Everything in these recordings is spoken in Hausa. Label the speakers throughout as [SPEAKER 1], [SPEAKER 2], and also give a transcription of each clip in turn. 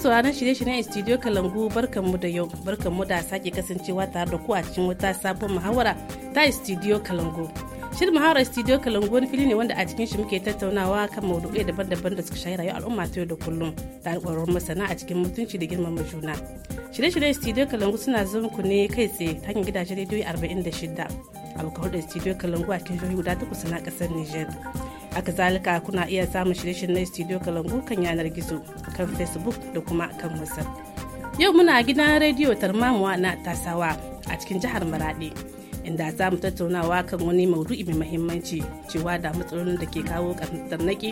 [SPEAKER 1] masu sauraron shirye-shiryen studio kalangu mu da yau mu da sake kasancewa tare da ku a cikin wata sabon muhawara ta studio kalangu shirin muhawara studio kalangu wani fili ne wanda a cikin shi muke tattaunawa kan maudu'ai daban-daban da suka shahi rayuwar al'umma ta yau da kullum da alƙwararrun masana a cikin mutunci da girmama juna shirye-shiryen studio kalangu suna zama ku ne kai tsaye ta hanyar gidajen rediyo 46 bakwai hulɗar studio kalangu a cikin jihohi guda takwas na ƙasar niger a zalika kuna iya samun shirye-shiryen studio kalangu kan yanar gizo kan facebook da kuma kan whatsapp yau muna gidan rediyo tarmamuwa na tasawa a cikin jihar maraɗi inda za mu tattaunawa kan wani maudu'i mai mahimmanci cewa da matsalolin da ke kawo naki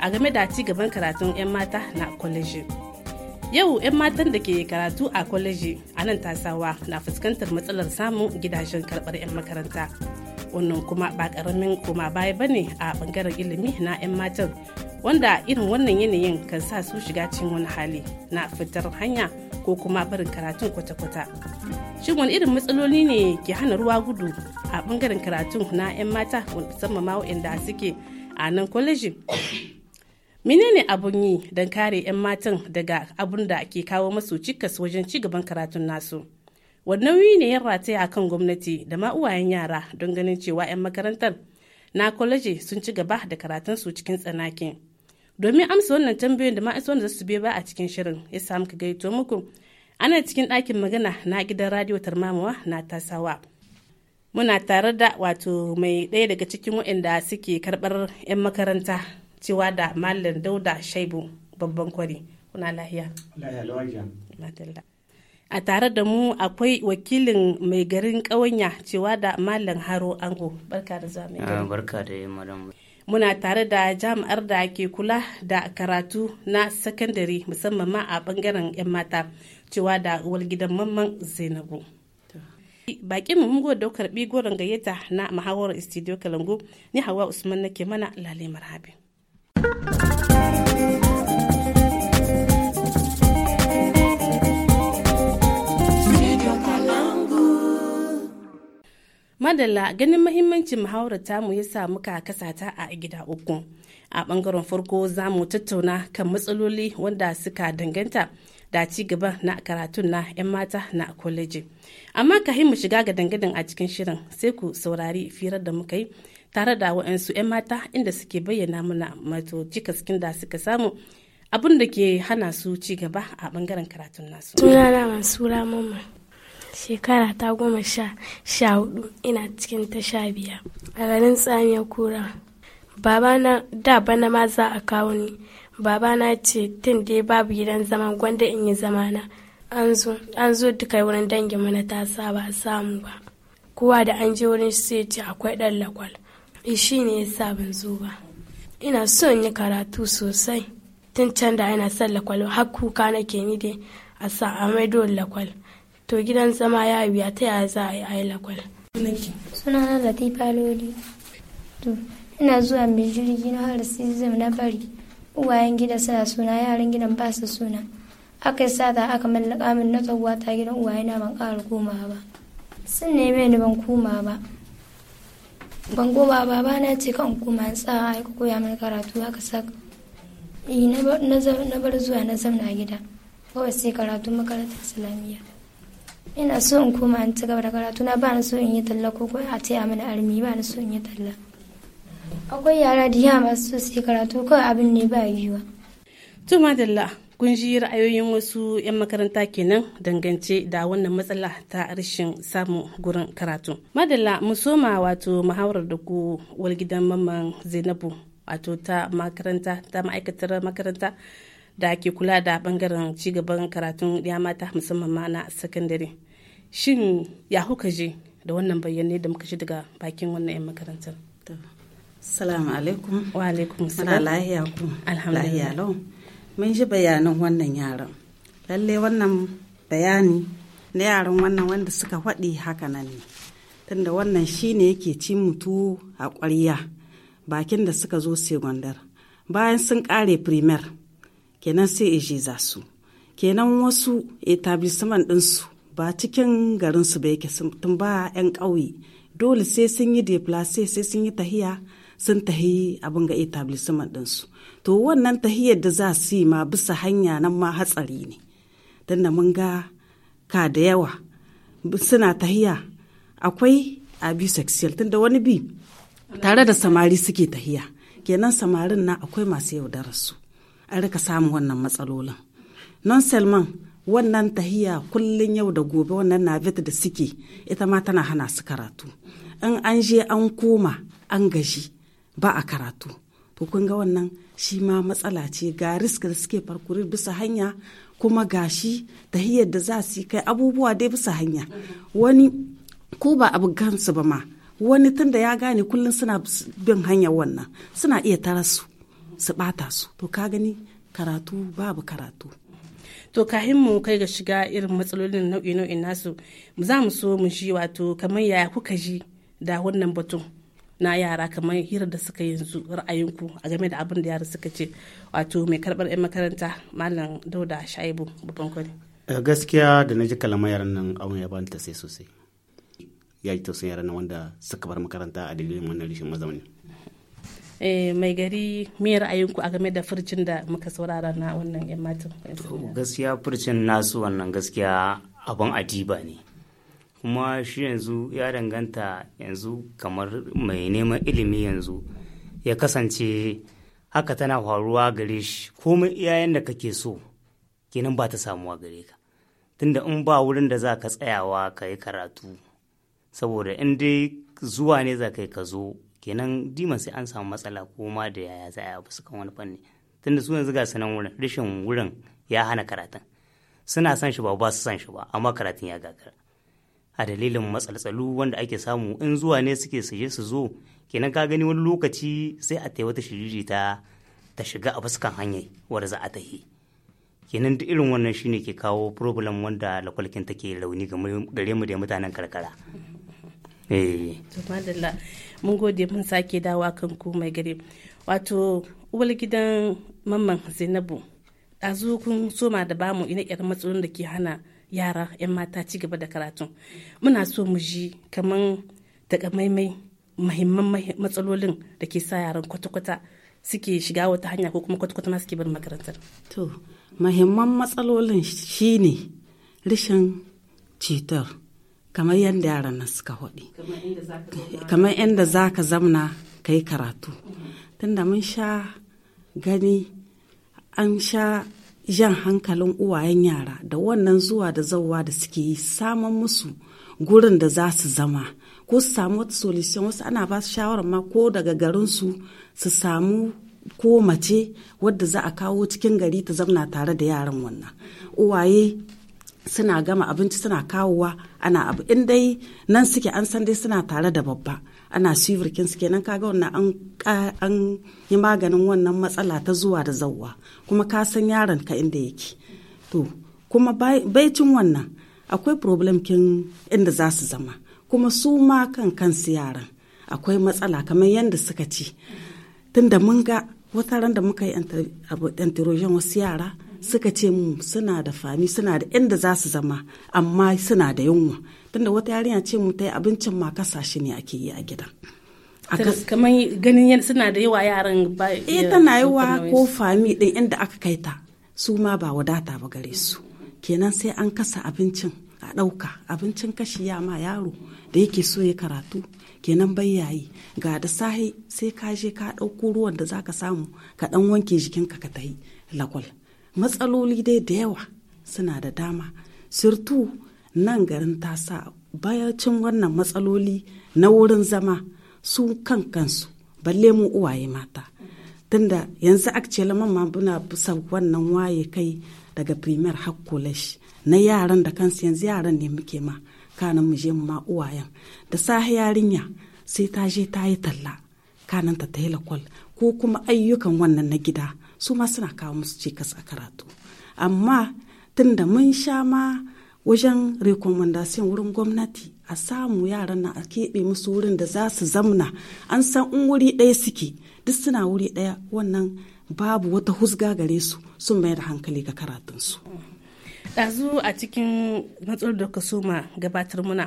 [SPEAKER 1] a game da ci gaban karatun 'yan mata na kwaleji. Yau 'yan matan da ke karatu a kwaleji a nan tasawa na fuskantar matsalar samun gidajen karbar 'yan makaranta. Wannan kuma ba karamin koma baya ba ne a bangaren ilimi na 'yan matan wanda irin wannan yanayin kan sa su shiga cikin wani hali na fitar hanya ko kuma barin karatun kwata-kwata. Shin wani irin matsaloli ne ke hana ruwa gudu a bangaren karatun na 'yan mata musamman ma suke a nan kwaleji. menene abun yi don kare 'yan matan daga abun da ke kawo masu cikas wajen ci gaban karatun nasu wannan wuyi ne ya rataya a kan gwamnati da ma uwayen yara don ganin cewa 'yan makarantar na kwalaje sun ci gaba da karatun su cikin tsanaki domin amsa wannan tambayoyin da ma na wanda su biya ba a cikin shirin ya samu ka gaito muku ana cikin ɗakin magana na gidan radiyo tarmamawa na tasawa muna tare da wato mai ɗaya daga cikin waɗanda suke karɓar 'yan makaranta cewa da Dauda Shaibu babban kwari. Kuna lahiya. A tare da mu akwai wakilin mai garin ƙawanya cewa da Malam Haro Ango. Barka da zama. Ah,
[SPEAKER 2] barka da madam.
[SPEAKER 1] Muna tare da jami'ar da ke kula da karatu na sakandare musamman ma a bangaren 'yan mata cewa da walgidan mamman Zainabu. bakin mu mungo da karbi goron gayyata na mahawar studio kalangu ni hawa usman nake mana lale marhabi madalla ganin mahimmancin muhawarar tamu ya sa muka kasata a gida uku a bangaren farko za mu tattauna kan matsaloli wanda suka danganta da ci gaba na karatun na 'yan mata na kwaleji amma ka mu shiga ga dangadan a cikin shirin sai ku saurari firar da muka yi tare da wa'ansu 'yan mata inda suke bayyana mana mato cikaskin da suka samu abin da ke hana su ci gaba a bangaren karatun nasu. suna na Mansura Mamman. Shekara ta goma sha sha hudu ina cikin ta sha biyar a garin tsamiya kura. Babana da bana ma za a kawo ni. Babana ce tun dai babu gidan zaman gwanda in yi zamana. An zo duka wurin dangin mana ta saba samu ba. Kowa da an je wurin sai ce akwai ɗan lakwal. Eh, shi ne yasa ban zo ba ina son yi karatu sosai tun can da ina son lakwal har kuka na ke ni dai a sa a maido lakwal to gidan zama ya biya ta yaya za a yi lakwal suna na
[SPEAKER 2] latifa loli ina zuwa mai jirgi na har zama na bari uwayen gida suna suna yaran gidan ba su suna aka yi sata aka mallaka min na tsawo ta gidan uwaye na ban kara komawa ba sun neme ni ban koma ba ban goma ba na ce kan koma tsawa ai koya mana karatu haka sak na bar zuwa na zamna gida kawai sai karatu makarantar islamiyya ina so in koma in ci gaba da karatu na ba ni so in yi talla ko ko a taya mana armi ba ni so in yi talla akwai yara da yawa masu so su yi karatu kawai abin ne
[SPEAKER 1] ba yiwuwa da la. kun ji ra'ayoyin wasu 'yan makaranta kenan dangance da wannan matsala ta rashin samun gurin karatu madalla musoma wato muhawarar da ku walgidan mamman zainabu wato ta makaranta ta ma'aikatar makaranta da ke kula da bangaren cigaban karatun ya mata musamman ma na sakandare shin ya kuka je da wannan bayyane da muka shi daga bakin wannan 'yan makarantar salamu alaikum wa alaikum salam lahiya ku alhamdulillah
[SPEAKER 3] mun ji bayanan wannan yaran lalle wannan bayani na yaran wannan wanda suka faɗi haka nan ne tunda wannan shine yake ci mutu a ƙwarya bakin da suka zo segondar bayan sun ƙare primer kenan sai eje za su kenan wasu etablissement ɗinsu ba cikin garinsu ba yake tun ba 'yan ƙauye dole sai sun yi deplace sai sun yi tahiya sun tahi abin ga etablissement ɗinsu to wannan tahiyar da za su yi ma bisa hanya nan ma hatsari ne tunda mun ga ka da yawa suna tahiya akwai abi sexual tunda wani bi tare da samari suke tahiya kenan samarin na akwai masu yaudararsu an rika samun wannan matsalolin non selman wannan tahiya kullum yau da gobe wannan navit da suke ita ma tana hana su karatu in an je an koma an gaji ba a karatu to kun ga wannan shi ma matsala ce ga risk da suke farkuri bisa hanya kuma gashi ta hiyar da za su kai abubuwa dai bisa hanya wani ko ba abu gansu ba ma wani tunda ya gane kullum suna bin hanya wannan suna iya tarasu su bata su to ka gani karatu babu karatu
[SPEAKER 1] to kahin mu kai ga shiga irin matsalolin nau'i nau'in nasu za mu so mu shi wato kamar yaya kuka ji da wannan batun na yara kamar hirar da suka yanzu ra'ayinku a game da abin da yara suka ce wato mai karbar 'yan makaranta malam dauda shaibu babban kwari
[SPEAKER 4] eh, gaskiya da na ji kalama yaran nan abin ya bani tausayi sosai ya ji tausayin yaran nan wanda suka bar makaranta a dalilin wannan rashin mazauni
[SPEAKER 1] eh, mai gari me ra'ayinku a game da furcin da muka saurara na wannan 'yan matan
[SPEAKER 2] gaskiya furcin nasu wannan gaskiya abin adiba ne kuma shi yanzu ya danganta yanzu kamar mai neman ilimi yanzu ya kasance haka tana faruwa gare shi komai iyayen da kake so kenan ba ta samuwa gare ka tunda in ba wurin da za ka tsayawa ka yi karatu saboda in dai zuwa ne za ka ka zo kenan diman sai an samu matsala ko ma da yaya za a yi su kan wani fanni tunda su yanzu ga sanan wurin rashin wurin ya hana karatun suna sanshi shi ba ba su san shi ba amma karatun ya gagara a dalilin matsaltsalu wanda ake samu in zuwa ne suke saye su zo kenan ka gani wani lokaci sai a taiwata shiriri ta ta shiga a fuskan hanyar wadda za a tahi kenan duk irin wannan shine ke kawo problem wanda lakwalkin take launi gare mu da mutanen karkara eh.
[SPEAKER 1] mun gode mun sake dawa kan ku mai gari wato uwar gidan mamman zainabu ɗazu kun soma da bamu ina yar matsalolin da ke hana yara 'yan mata ci gaba da karatu muna so mu ji daga maimai mahimman matsalolin da ke sa yaran kwata-kwata suke shiga wata hanya ko kuma kwata-kwata ma suke bar makarantar to
[SPEAKER 3] mahimman matsalolin shine rishin cetar kamar yadda yaran nan suka hudu kamar yadda za ka zamna ka yi karatu tunda mun sha gani an sha jan hankalin uwayen yara da wannan zuwa da zauwa da suke yi saman musu gurin da za su zama ko su samu wata solution wasu ana ba su shawarar ma ko daga garin su su samu ko mace wadda za a kawo cikin gari ta zauna tare da yaran wannan uwaye suna gama abinci suna kawowa ana abu in dai nan suke an san dai suna tare da babba ana su kenan kaga wannan an yi maganin wannan matsala ta zuwa da zauwa kuma ka san yaron ka inda yake to kuma baicin wannan akwai problem kin inda za su zama kuma su ma kan kansu yaran akwai matsala kamar yadda suka ci tunda mun ga wata randa muka yi antirogen wasu yara suka ce mu suna da fami suna da inda za su zama amma suna da yunwa tunda wata yarinya ce mu ta yi abincin ma kasashe ne ake yi a gida.
[SPEAKER 1] kamar ganin suna da yawa yaran ba eh, tana yawa ko
[SPEAKER 3] fami ɗin inda aka kai ta su ma ba wadata ba gare su kenan sai an kasa abincin a ɗauka abincin kashi ya ma yaro da yake so ya karatu kenan bai yayi ga da sahi sai ka je ka ɗauko ruwan da zaka samu ka ɗan wanke jikinka ka tayi lakwal matsaloli dai da yawa suna da dama sirtu nan garin ta sa bayacin wannan matsaloli na wurin zama su kan kansu balle mu uwaye mata tunda yanzu akce laman ma buna bisa wannan waye kai daga primar har college na yaran da kansu yanzu yaran ne muke ma kanan mu je mu ma uwayen da sahi yarinya sai ta je ta yi talla kanin ta ta yi lakwal ko kuma ayyukan wannan na gida su ma suna kawo musu cikas a karatu amma tunda mun sha ma wajen recommendation wurin gwamnati a samu yaran na a keɓe musu wurin da za su zamna an san in wuri ɗaya suke duk suna wuri ɗaya wannan babu wata husga gare su sun mayar hankali ga karatunsu
[SPEAKER 1] ɗazu a cikin matsalar da ka soma gabatar muna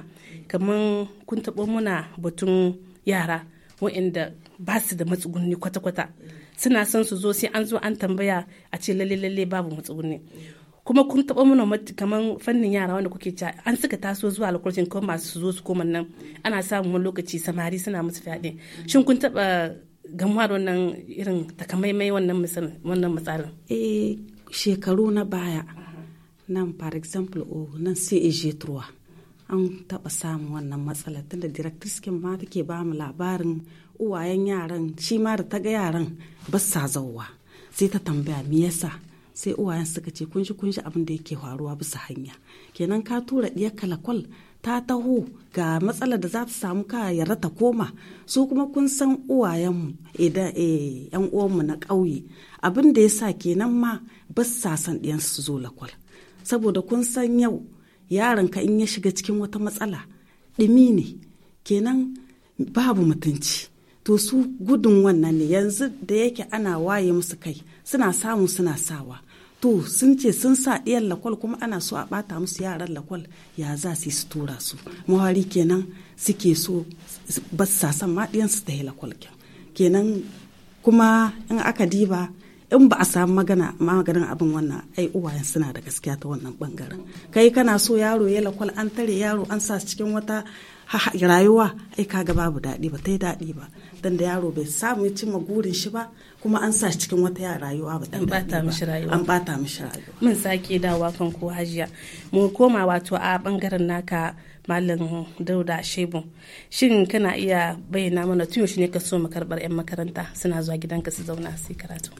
[SPEAKER 1] kamar kun taɓo muna batun yara waɗanda ba su da matsugunni kwata-kwata suna son su zo sai an zo an tambaya a ce lalle lalle babu ne kuma kun taɓa mana kaman fannin yara wanda kuke ci an suka taso zuwa lokacin kuma masu zo su koma nan ana samun wani lokaci samari suna musu fyaɗe shin kun taɓa gamuwa da wannan irin takamaimai wannan matsalar eh shekaru na baya nan for example o oh, nan
[SPEAKER 3] CAG3 an taba samun wannan matsalar tunda directrice ma take ba mu labarin uwayen yaran shi ma da ta ga yaran ba sa zauwa sai ta tambaya me yasa sai uwayen suka ce kunshi kunshi abin da yake faruwa bisa hanya kenan ka tura diyar kalakwal ta taho ga matsalar da za ta samu ka yarda ta koma su kuma kun san uwayenmu idan eh, eh, yan uwanmu na ƙauye abin da ya sa kenan ma ba sa san ɗiyansu su zo lakwal saboda kun san yau ka in ya shiga cikin wata matsala ɗumi ne kenan babu mutunci to su gudun wannan ne yanzu da yake ana waye musu kai suna samu suna sawa to sun ce sun sa ɗiyar lakwal kuma ana so a ɓata musu yaran lakwal ya za su su tura su mawari kenan suke so ba su san ma su ta yi lakwal kenan kuma in aka diba in ba a samu magana maganin abin wannan ai uwayen suna da gaskiya ta wannan bangaren kai kana so yaro ya lakwal an tare yaro an sa cikin wata rayuwa ai ga babu daɗi ba ta yi daɗi ba don da yaro bai samu ya cimma gurin shi ba kuma an sa cikin wata rayuwa ba ta bata mishi rayuwa an bata mishi
[SPEAKER 1] rayuwa mun sake dawa kan ko hajiya mun koma wato a bangaren naka malam dauda shebu shin kana iya bayyana mana tun yaushe ne ka so mu karbar yan makaranta suna zuwa gidanka su zauna su karatu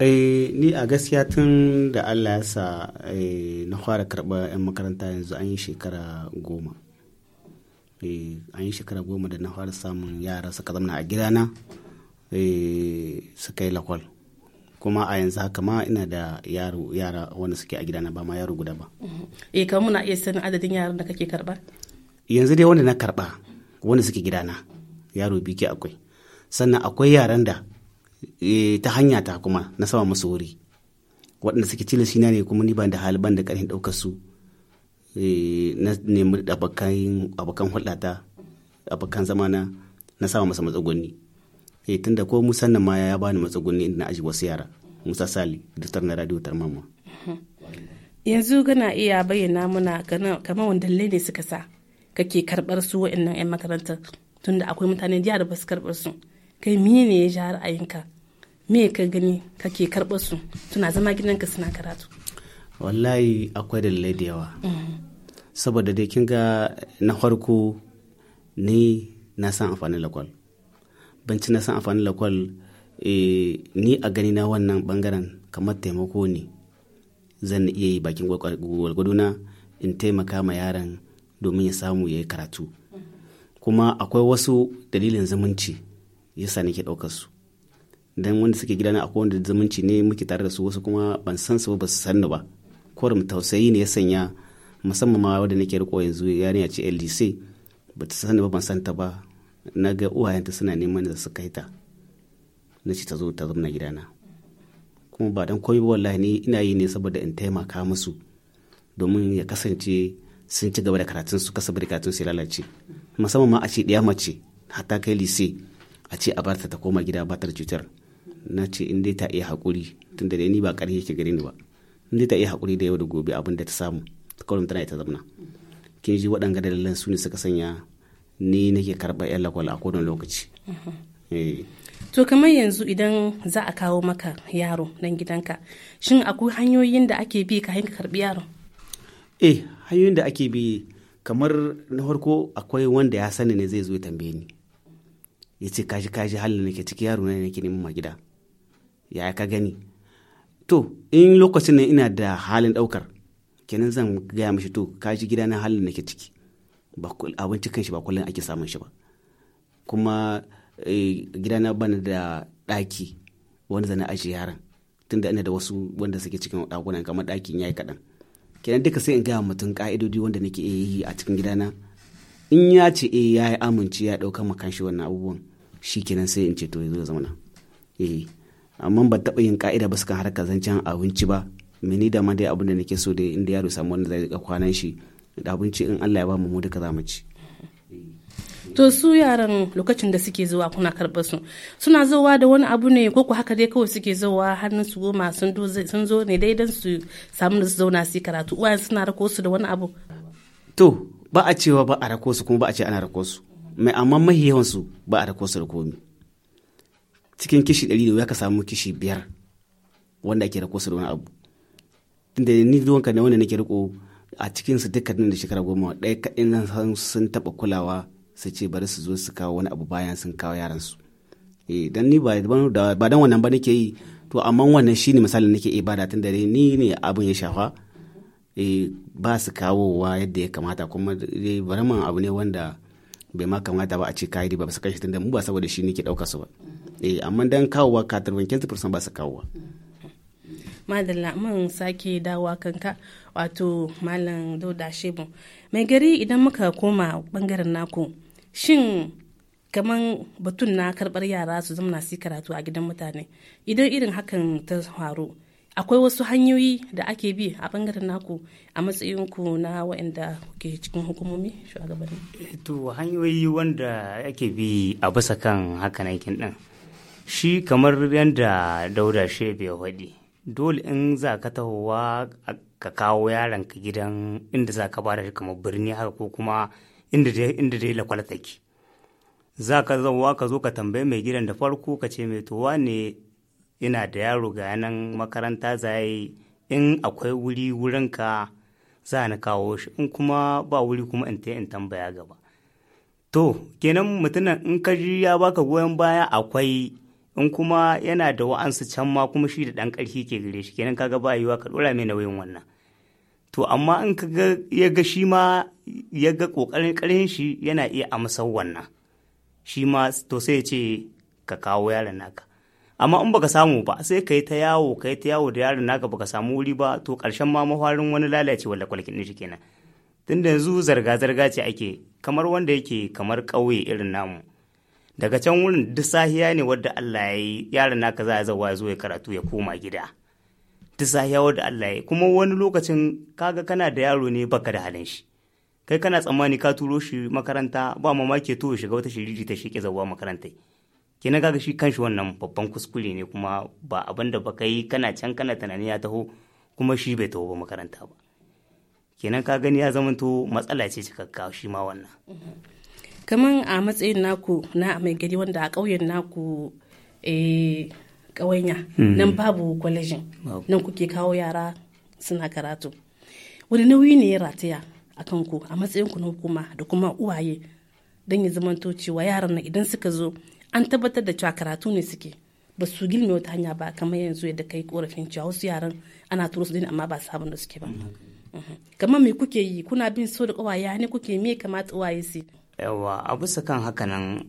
[SPEAKER 4] eh, ni a gaskiya tun da Allah ya sa eh, na fara karɓar yan makaranta yanzu an yi shekara goma Eh, an yi shekara goma da na fara samun yara suka zamna a gidana eh, suka yi lakwal kuma a yanzu haka ma ina da yaro yara wanda suke a gidana ba ma yaro guda ba
[SPEAKER 1] mm-hmm. eh kamar muna iya sanin adadin yaran da kake karba
[SPEAKER 4] yanzu dai wanda na karba wanda suke gidana yaro biyu ke akwai sannan akwai yaran da eh, ta hanya ta kuma na sama musu wuri waɗanda suke cile shi ne kuma ni ban da hali ban da ƙarfin ɗaukar su Eh, na nemi abokan hulɗata abokan zamana na sama masa matsuguni tun eh, tunda ko Musa nan maya ya bani matsugunni inda na aji wasu yara Musa Sali daftar na radio Tarmama
[SPEAKER 1] yanzu kana iya bayyana muna kamar wanda ne suka sa kake karɓar su wa'annan 'yan makarantar tunda akwai mutane da ba su karɓar su kai mene ne ya ja ra'ayinka me ka gani kake karbar su suna zama gidanka suna karatu
[SPEAKER 4] wallahi akwai dalilai da yawa saboda dai kin na farko ni na san amfanin lakwal banci na san amfanin lakwal eh, ni a gani na wannan bangaren kamar taimako ne zan iya yi bakin gwagwaduna in taimaka ma yaran domin ya samu ya yi karatu kuma akwai wasu dalilin zumunci ya yasa nake ɗaukar su dan wanda suke gidana akwai wanda zumunci ne muke tare da su wasu kuma ban san su ba su san ba kwarin tausayi ne ya sanya musamman ma wadda nake riko yanzu yarinya ce ldc ba ta sani ba ban santa ba na ga uwayenta suna neman da su kai ta na ce ta zo ta zama gidana kuma ba dan koyi wallahi ne ina yi ne saboda in taimaka musu domin ya kasance sun ci gaba da karatun su kasa bari karatun su lalace musamman ma a ce ɗaya mace hatta kai lise a ce a barta ta koma gida ba ta cutar na ce in dai ta iya haƙuri tunda da ni ba ƙarfi ke gare ni ba inda ta iya haƙuri da yau da gobe abin da ta samu ta kawai tana ita zamna kin ji waɗanga dalilan su ne suka sanya ni nake karɓar yan lakwal a kowane lokaci eh.
[SPEAKER 1] to kamar yanzu idan za a kawo maka yaro nan gidanka shin akwai hanyoyin da ake bi ka ka karɓi yaro.
[SPEAKER 4] eh hanyoyin da ake bi kamar na farko akwai wanda ya sani ne zai zo ya tambaye ni ya ce kashi kashi halin nake ciki yaro ne nake neman ma gida ya ka gani to in lokacin nan ina da halin daukar kenan zan gaya mashi to ka ji gidana halin da ke ciki abinci kan shi ba kullum ake samun shi ba kuma eh, gidana bana da ɗaki wanda zana aji yaran tunda ina da wasu wanda suke cikin ɗakunan kamar ɗakin yayi kaɗan kenan duka sai in gaya mutum ka'idodi wanda nake iya yi a cikin gidana in ya ce eh ya yi amince ya ɗauka makan shi wannan abubuwan shi kenan sai in ce to ya zo ya zama eh. amma ban taɓa yin ka'ida ba sukan harkar zancen abinci ba mini da ma dai abin da nake so da inda yaro samu wanda zai kwanan shi da abinci in Allah ya ba mu mu duka zamu ci
[SPEAKER 1] to su yaran lokacin da suke zuwa kuna karɓar su suna zuwa da wani abu ne ko ku haka dai kawai suke zuwa hannun su goma sun zo ne dai dan su samu da su zauna su karatu uwayen suna rako su da wani abu
[SPEAKER 4] to ba a cewa ba a rako su kuma ba a ce ana rako su mai amma mahi yawan su ba a rako su da komi cikin kishi ɗari da wuya ka samu kishi biyar wanda ake rako su da wani abu tunda ni ka na wanda nake riko a cikin su dukkanin da shekara goma ɗaya kaɗai nan sun taɓa kulawa su ce bari su zo su kawo wani abu bayan sun kawo yaran su eh dan ni ba ba dan wannan ba nake yi to amma wannan shine misali nake ibada tun da ni ne abin ya shafa eh ba su kawowa yadda ya kamata kuma bari abu ne wanda bai ma kamata ba a ce kayi ba su kai shi tunda mu ba saboda shi nake ɗauka su ba. eh amma dan kawowa 95% ba su kawowa
[SPEAKER 1] madalla mun sake dawa kanka wato malam dauda shebu mai gari idan muka koma bangaren naku shin kaman batun na karbar yara su zama su karatu a gidan mutane idan irin hakan ta faru akwai wasu hanyoyi da ake bi a bangaren naku a matsayinku na waɗanda ke cikin hukumomi shugabanni
[SPEAKER 2] eh, to hanyoyi wanda ake bi a bisa kan hakan aikin din shi kamar yadda dauda shi ya faɗi dole in za ka tahowa ka kawo yaron ka gidan inda za ka bada shi kamar birni haka ko kuma inda dai lakwal take za ka zauwa ka zo ka tambaye mai gidan da farko ka ce mai towa ne ina da yaro ga yanan makaranta yi in akwai wuri wurinka za ni kawo shi in kuma ba wuri kuma in ta in tambaya gaba to kenan mutumin in ka ji ya baka goyon baya akwai in kuma yana da wa'ansu can ma kuma shi da ɗan ƙarfi ke gare shi kenan kaga ba yiwuwa ka ɗora mai nauyin wannan to amma in ka ga ya ga shi ma ya ga ƙoƙarin ƙarfin shi yana iya amsa wannan shi ma to sai ya ce ka kawo yaron naka amma in baka samu ba sai ka yi ta yawo ka ta yawo da yaron naka baka samu wuri ba to ƙarshen ma mafarin wani lalace wala kwalkin shi kenan tunda yanzu zarga-zarga ce ake kamar wanda yake kamar ƙauye irin namu daga can wurin duk sahiya ne wadda Allah ya yi yaron naka za a zawa zo ya karatu ya koma gida duk sahiya wadda Allah ya yi kuma wani lokacin kaga kana da yaro ne baka da halin shi kai kana tsammani ka turo shi makaranta ba mamaki to ya shiga wata shiriri ta shike zawa makaranta kenan kaga shi kanshi wannan babban kuskure ne kuma ba abin da baka yi kana can kana tunani ya taho kuma shi bai taho ba makaranta ba kenan ka gani ya zamanto matsala ce cikakka shi ma wannan
[SPEAKER 1] mhm. kaman a matsayin naku na mai gari wanda a ƙauyen naku eh, ƙawanya hmm. nan babu kwalejin nan kuke kawo yara suna karatu wani nauyi ne ya rataya a kanku a matsayin ku na hukuma da kuma uwaye don ya zamanto cewa yaran nan idan suka zo an tabbatar da cewa karatu ne suke ba su gilme wata hanya ba kamar yanzu yadda kai korafin cewa wasu yaran ana turo su din amma ba sabon da suke ba hmm. kamar me kuke yi kuna bin so da kawaye ne kuke me kamata uwaye su
[SPEAKER 2] yawa a bisa kan hakanan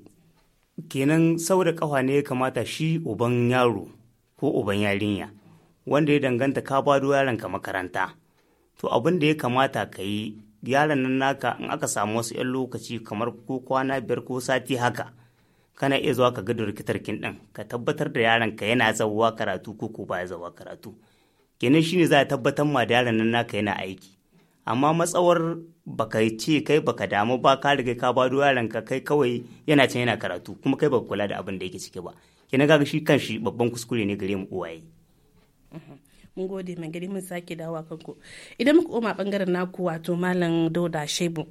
[SPEAKER 2] kenan sau da kafa ne ya kamata shi uban yaro ko uban yarinya wanda ya danganta ka bado yaron ka makaranta to abin da ya kamata ka yi yaron nan naka in aka samu wasu 'yan lokaci kamar ko kwana biyar ko sati haka kana iya zuwa ka gado kin ɗin ka tabbatar da yaron ka yana zawa karatu ko ko baya zawa karatu kenan shine za a tabbatar ma da yaron nan naka yana aiki amma matsawar baka ce kai baka damu ba ka riga ka bado kai kawai yana can yana karatu kuma kai baka kula da abin da yake ciki ba na ga shi kan shi babban kuskure ne gare mu uwaye
[SPEAKER 1] uhuh, mun gode mai gari mun sake kanku idan muka koma bangaren naku wato malam dauda shebu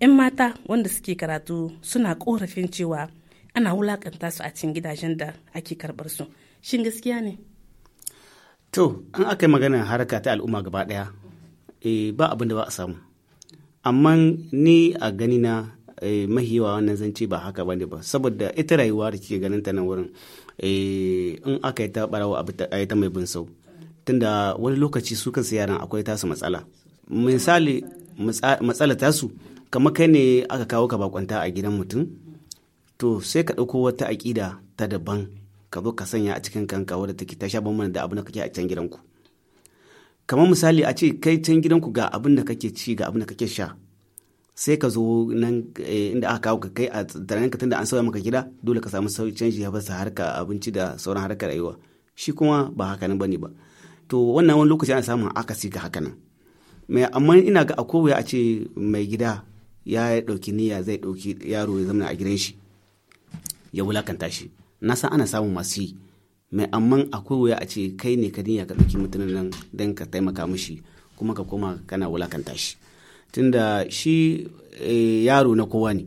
[SPEAKER 1] yan mata wanda suke karatu suna korafin cewa ana wulakanta su a cikin gidajen da ake karbar su shin gaskiya ne
[SPEAKER 4] to an aka yi magana harka ta al'umma gaba daya Eh, ba abin da ba a samu amma ni a gani na eh, mahiwa wannan zance ba haka bane ba saboda ita rayuwa da kike ganin ta nan wurin eh, in aka yi ta barawa a yi ta mai bin sau tunda wani lokaci su kansu yaran akwai tasu matsala misali matsala tasu kamar kai ne aka kawo ka bakwanta a gidan mutum to sai ka ɗauko wata aƙida ta daban ka zo ka sanya a cikin kanka wadda take ta sha bambana da abu da kake a can gidanku kamar misali a ce kai can gidanku ga abin da kake ci ga abin da kake sha sai ka zo nan eh, inda aka kawo ka kai a tarayen ka tunda an sauya maka gida dole ka samu sauyi canji ya basa harka abinci da sauran harkar rayuwa shi kuma ba haka nan bane ba to wannan wani lokaci ana samun akasi ga haka nan mai amma ina ga akwai ko a ce mai gida ya dauki niyya zai dauki yaro ya zama a gidan shi ya wulakanta shi na san ana samun masu yi mai amma akwai wuya a ce kai ne ka dinya ka ɗauki mutumin nan don ka taimaka mishi kuma ka koma kana wulakanta shi tunda shi eh, yaro na kowa ne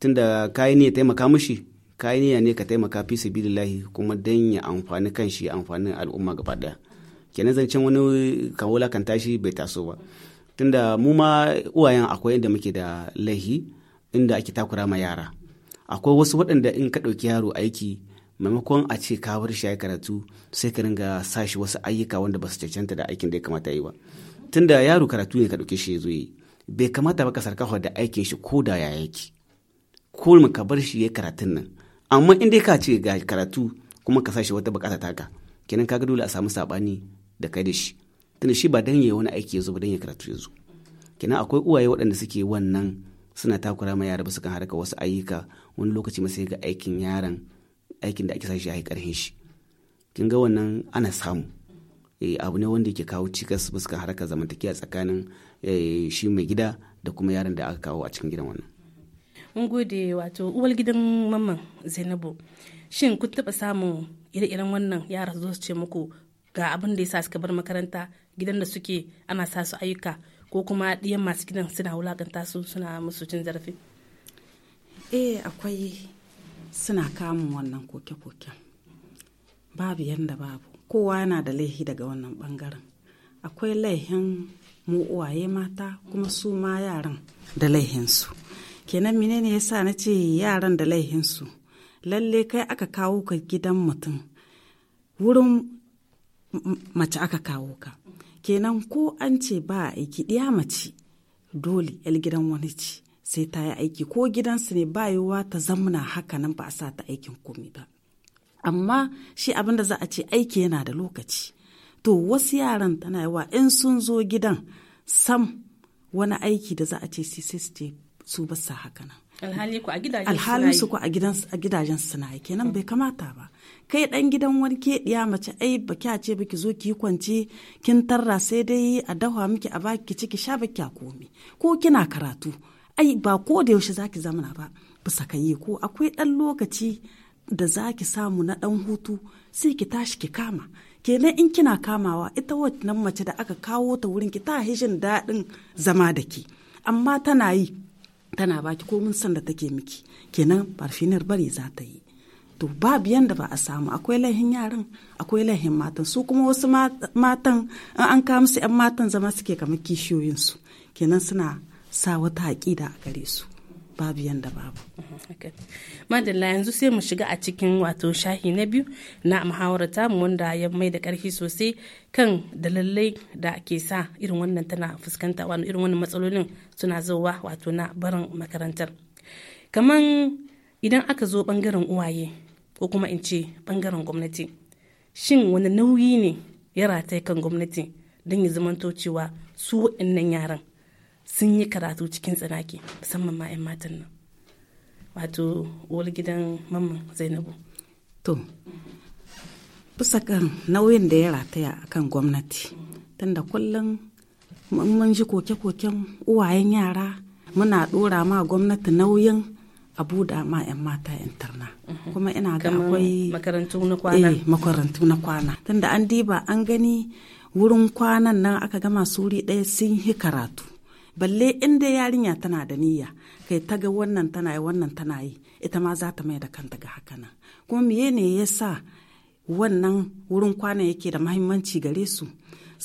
[SPEAKER 4] tunda ka yi ne taimaka mishi yi niyya ne ka taimaka fi sabilillahi kuma don ya amfani kan amfanin al'umma gaba daya kenan zancen wani ka wulakanta shi bai taso ba tunda mu ma uwayen akwai inda muke da laihi inda ake takura ma yara akwai wasu waɗanda in ka ɗauki yaro aiki maimakon a ce ka bar shi ya karatu sai ka ringa sa shi wasu ayyuka wanda ba su cancanta da aikin da ya kamata yi ba tunda yaro karatu ne ka dauke shi ya zo yi bai kamata ba ka sarkafa da aikin shi ko da ya yake ko mu ka bar shi ya karatun nan amma in dai ka ce ga karatu kuma ka sa shi wata bukata taka kenan kaga dole a samu sabani da kai da shi tunda shi ba dan ya wani aiki yazo zo ba dan ya karatu ya kenan akwai uwaye waɗanda suke wannan suna takura ma yara ba su kan harka wasu ayyuka wani lokaci ma sai ga aikin yaran aikin da ake sashi ya yi shi kin ga wannan ana samu eh, abu ne wanda yake kawo cikas fuskan harkar zamantakewa tsakanin eh, shi mai gida da kuma yaran da aka kawo a cikin gidan wannan
[SPEAKER 1] mun gode wato uwal gidan mamman zainabu shin kun taba samun ire-iren wannan yara zo su ce muku ga abin da ya sa suka bar makaranta gidan da suke ana sa su ayyuka ko kuma ɗiyan masu gidan suna wulakanta su suna musu cin zarafi eh akwai
[SPEAKER 3] suna kamun wannan koke-koken babu yadda babu kowa yana da laihi daga wannan bangaren akwai laihin mu mata kuma su ma yaran da laihinsu kenan menene sa na ce yaran da laihinsu lalle kai aka kawo ka gidan mutum wurin mace aka kawo ka kenan ko an ce ba a aiki ɗiya mace dole 'yar gidan wani ce sai ta yi aiki ko gidansu ne ba ta zamuna haka nan ba a sa ta aikin komi ba amma shi abin da za a ce aiki yana da lokaci to wasu yaran tana yawa in sun zo gidan sam wani aiki da za a ce sai su ce su basa haka nan
[SPEAKER 1] alhali ku a
[SPEAKER 3] gidajen suna yi kenan bai kamata ba kai dan gidan wani ke diya mace ai ba kya ce ba ki zo ki kwance kin tarra sai dai a dawa miki a baki ciki sha ba kya komi ko kina karatu ai ba ko da yaushe zaki zamana ba bisa ka yi ko akwai ɗan lokaci da zaki samu na ɗan hutu sai ki tashi ki kama kenan in kina kamawa ita wannan mace da aka kawo ta wurin ki ta jin daɗin zama da ke. amma tana yi tana baki ko mun san da take miki kenan barfinar bari za ta yi to babu yanda ba a samu akwai laihin yaran akwai laihin matan su kuma wasu matan an kawo musu yan matan zama suke kamar kishiyoyinsu kenan suna sa wata haƙida a gare su
[SPEAKER 1] babu yanda babu. Madalla yanzu sai mu shiga a cikin wato shahi na biyu na muhawarata mu wanda ya mai da ƙarfi sosai kan dalilai da ke sa irin wannan tana fuskanta wani irin wannan matsalolin suna zuwa wato na barin makarantar. Kaman idan aka zo bangaren uwaye ko kuma in ce bangaren gwamnati shin wani nauyi ne ya rataye kan gwamnati don ya zamanto cewa su waɗannan yaran sun yi karatu cikin tsanaki musamman ma 'yan matan nan wato wani gidan mamman zainabu
[SPEAKER 3] to bisa kan nauyin da ya rataya a kan gwamnati tunda kullum mun ji koke-koken uwayen yara muna ɗora ma gwamnati nauyin a buɗa ma 'yan mata interna mhm.
[SPEAKER 1] kuma ina ga akwai eh, makarantu
[SPEAKER 3] na kwana tunda an diba an gani wurin kwanan nan aka gama suri ɗaya sun yi karatu balle inda yarinya tana da niyya kai ta ga wannan tana yi wannan tana yi ita ma za ta mai da kanta ga haka nan kuma miye ne ya sa wannan wurin kwana yake da mahimmanci gare su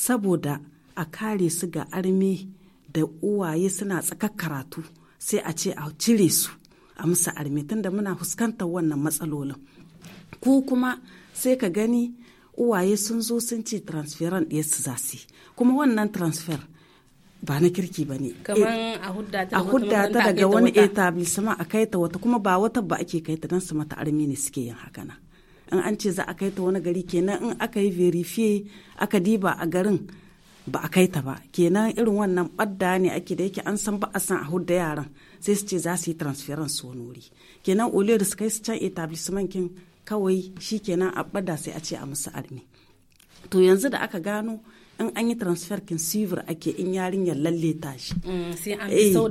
[SPEAKER 3] saboda a kare su ga armi da uwaye suna tsakar karatu sai a ce a cire su a musu armi tunda muna fuskantar wannan matsalolin ko kuma sai ka gani uwaye sun zo sun ce transferan ɗaya su zasi kuma wannan transfer ba na kirki ba ne eh,
[SPEAKER 1] a hudda ta daga wani
[SPEAKER 3] etablissement a kaita wata kuma ba wata ba ake kaita don su mata armi ne suke yin haka na in an ce za a kai ta wani gari kenan in aka yi verifiye aka diba a garin ba a ta ba kenan irin wannan badda ne ake da yake an san ba a san a hudda yaran sai su ce za su yi transference wani wuri kenan ole da su kai su can etablissement kin kawai shi kenan a bada sai a ce a musu armi to yanzu da aka gano in an yi transfer kin sivir ake in yarinyar lalle ta shi
[SPEAKER 1] mm, sai an bi eh, sau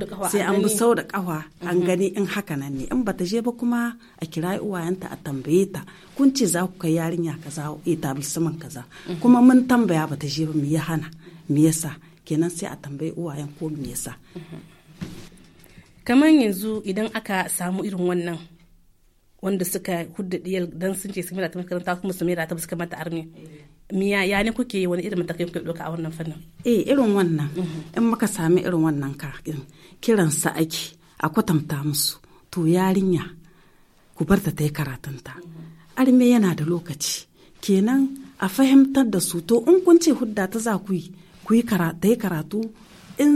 [SPEAKER 1] da
[SPEAKER 3] kawa an mhm. gani in haka nan ne in bata je ba kuma a kira uwayenta a tambaye ta kun ce za ku kai yarinya kaza etablissement eh, kaza mhm. kuma mun tambaya bata je ba mu yi hana me yasa kenan sai a tambayi uwayen ko me yasa
[SPEAKER 1] mhm. kamar yanzu idan aka samu irin wannan wanda suka hudda diyal dan sun ce su mai da makaranta kuma su mai da ta su mata armi miya ya ne kuke yi wani irin matakai kuke ɗauka a wannan fannin
[SPEAKER 3] eh irin wannan mhm. in muka sami irin wannan kakin kiran sa ake a kwatanta musu to yarinya ku bar ta ta yi karatunta mhm. arme yana da lokaci kenan a fahimtar da su to in kun ce hudda ta za ku yi ku yi ta yi karatu in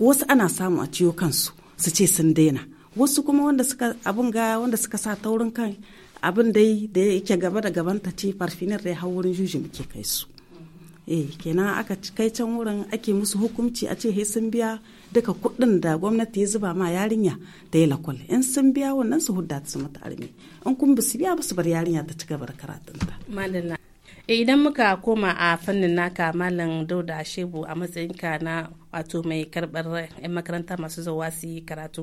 [SPEAKER 3] wasu ana samu a ciwo kansu su ce sun daina wasu kuma wanda suka abun ga wanda suka sa taurin kan abin dai da yake gaba da gaban ta ce parfiner da ya hau wurin juji muke kai su eh kenan aka kai can wurin ake musu hukunci a ce sun biya duka kuɗin da gwamnati ya zuba ma yarinya da ya lakwal in sun biya wannan su hudda su mata arme in kun ba su biya ba su bar yarinya ta ci gaba da
[SPEAKER 1] karatunta eh, idan muka koma a fannin naka malam dauda shebu a matsayinka na wato mai karɓar 'yan makaranta masu zuwa su yi karatu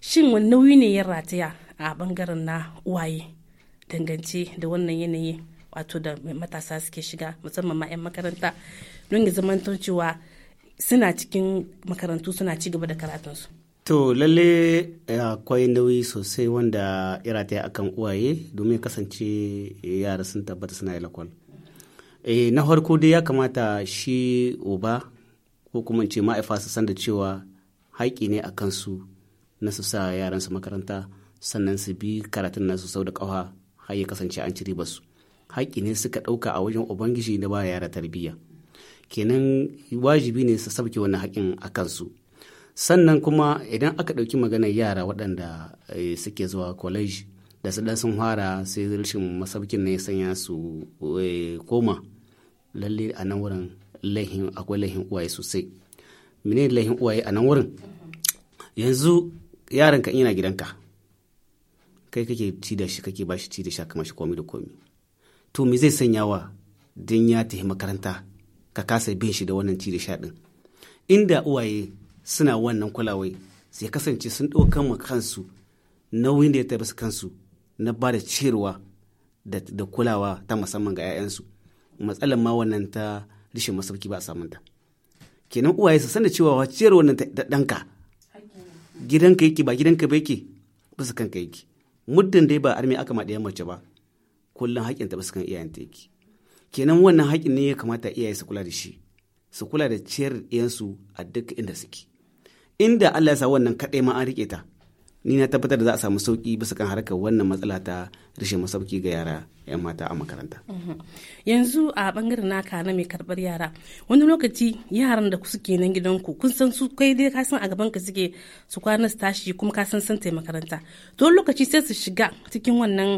[SPEAKER 1] shin wani nauyi ne ya rataya a bangaren na uwaye dangance da wannan yanayi wato da matasa suke shiga musamman ma 'yan makaranta don ya cewa suna cikin makarantu suna ci gaba da karatunsu.
[SPEAKER 4] To lalle eh, akwai nauyi sosai wanda irata akan uwaye domin kasance yara sun tabbata suna lakwal. E, na farko dai ya kamata shi uba ko kuma ce ma'aifa su san da cewa haƙi ne a kansu na su sa yaransu makaranta sannan su bi karatun nasu sau da ƙawa har ya kasance an ci ribar su haƙƙi ne suka ɗauka a wajen ubangiji na baya yara tarbiyya kenan wajibi ne su sabke wani haƙƙin a kansu sannan kuma idan aka ɗauki maganar yara waɗanda eh, suke zuwa college da su ɗan sun fara sai rashin masaukin na ya sanya su eh, koma lalle a nan wurin laihin akwai laihin uwaye sosai mene laihin uwaye a nan wurin yanzu ka yana gidanka kai kake ci da shi kake bashi ci da sha kamar shi komi da komi to me zai sanya wa din ya tafi makaranta ka kasa bin shi da wannan ci da sha din inda uwaye suna wannan kulawai sai kasance sun ɗaukan ma kansu nauyin da ya taɓa kansu na ba da ciyarwa da kulawa ta musamman ga 'ya'yansu matsalar ma wannan ta rishin masauki ba a samun ta kenan uwaye su san da cewa ciyarwa wannan ta ɗanka gidanka yake ba gidanka ba yake su kanka yake muddin dai ba armi aka ɗayan mace ba kullum haƙƙin ta sukan iyayen ta yake kenan wannan haƙƙin ne ya kamata iyaye su kula da shi su kula da ciyar da su a duk inda suke inda Allah ya sa wannan kaɗai ma an riƙe ta ni na tabbatar da za a samu sauki bisa kan harkar wannan matsala ta rashin masauki ga yara 'yan mata a makaranta.
[SPEAKER 1] Mhm. Yanzu a bangaren naka na mai karbar yara wani lokaci yaran da suke nan gidanku kun san su kai dai kasan a gaban ka suke su kwana su tashi kuma kasan san tai makaranta. To lokaci sai su shiga cikin wannan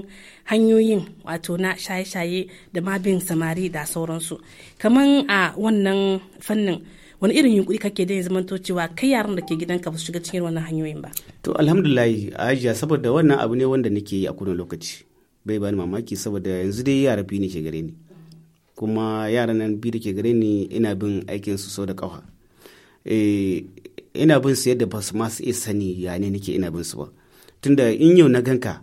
[SPEAKER 1] hanyoyin wato na shaye-shaye da mabin samari da sauransu. Kaman a wannan fannin wani irin yunkuri kake da ya zamanto cewa kai yaran da ke gidanka ba su shiga cikin wannan hanyoyin ba
[SPEAKER 4] to alhamdulillah ajiya saboda wannan abu ne wanda nake yi a kowane lokaci bai bani mamaki saboda yanzu dai yara biyu ne ke gare ni kuma yaran nan biyu da ke gare ni ina bin aikin su sau da kafa eh, ina bin su yadda ba su masu iya sani ya ne nake ina bin su ba tunda in yau na ganka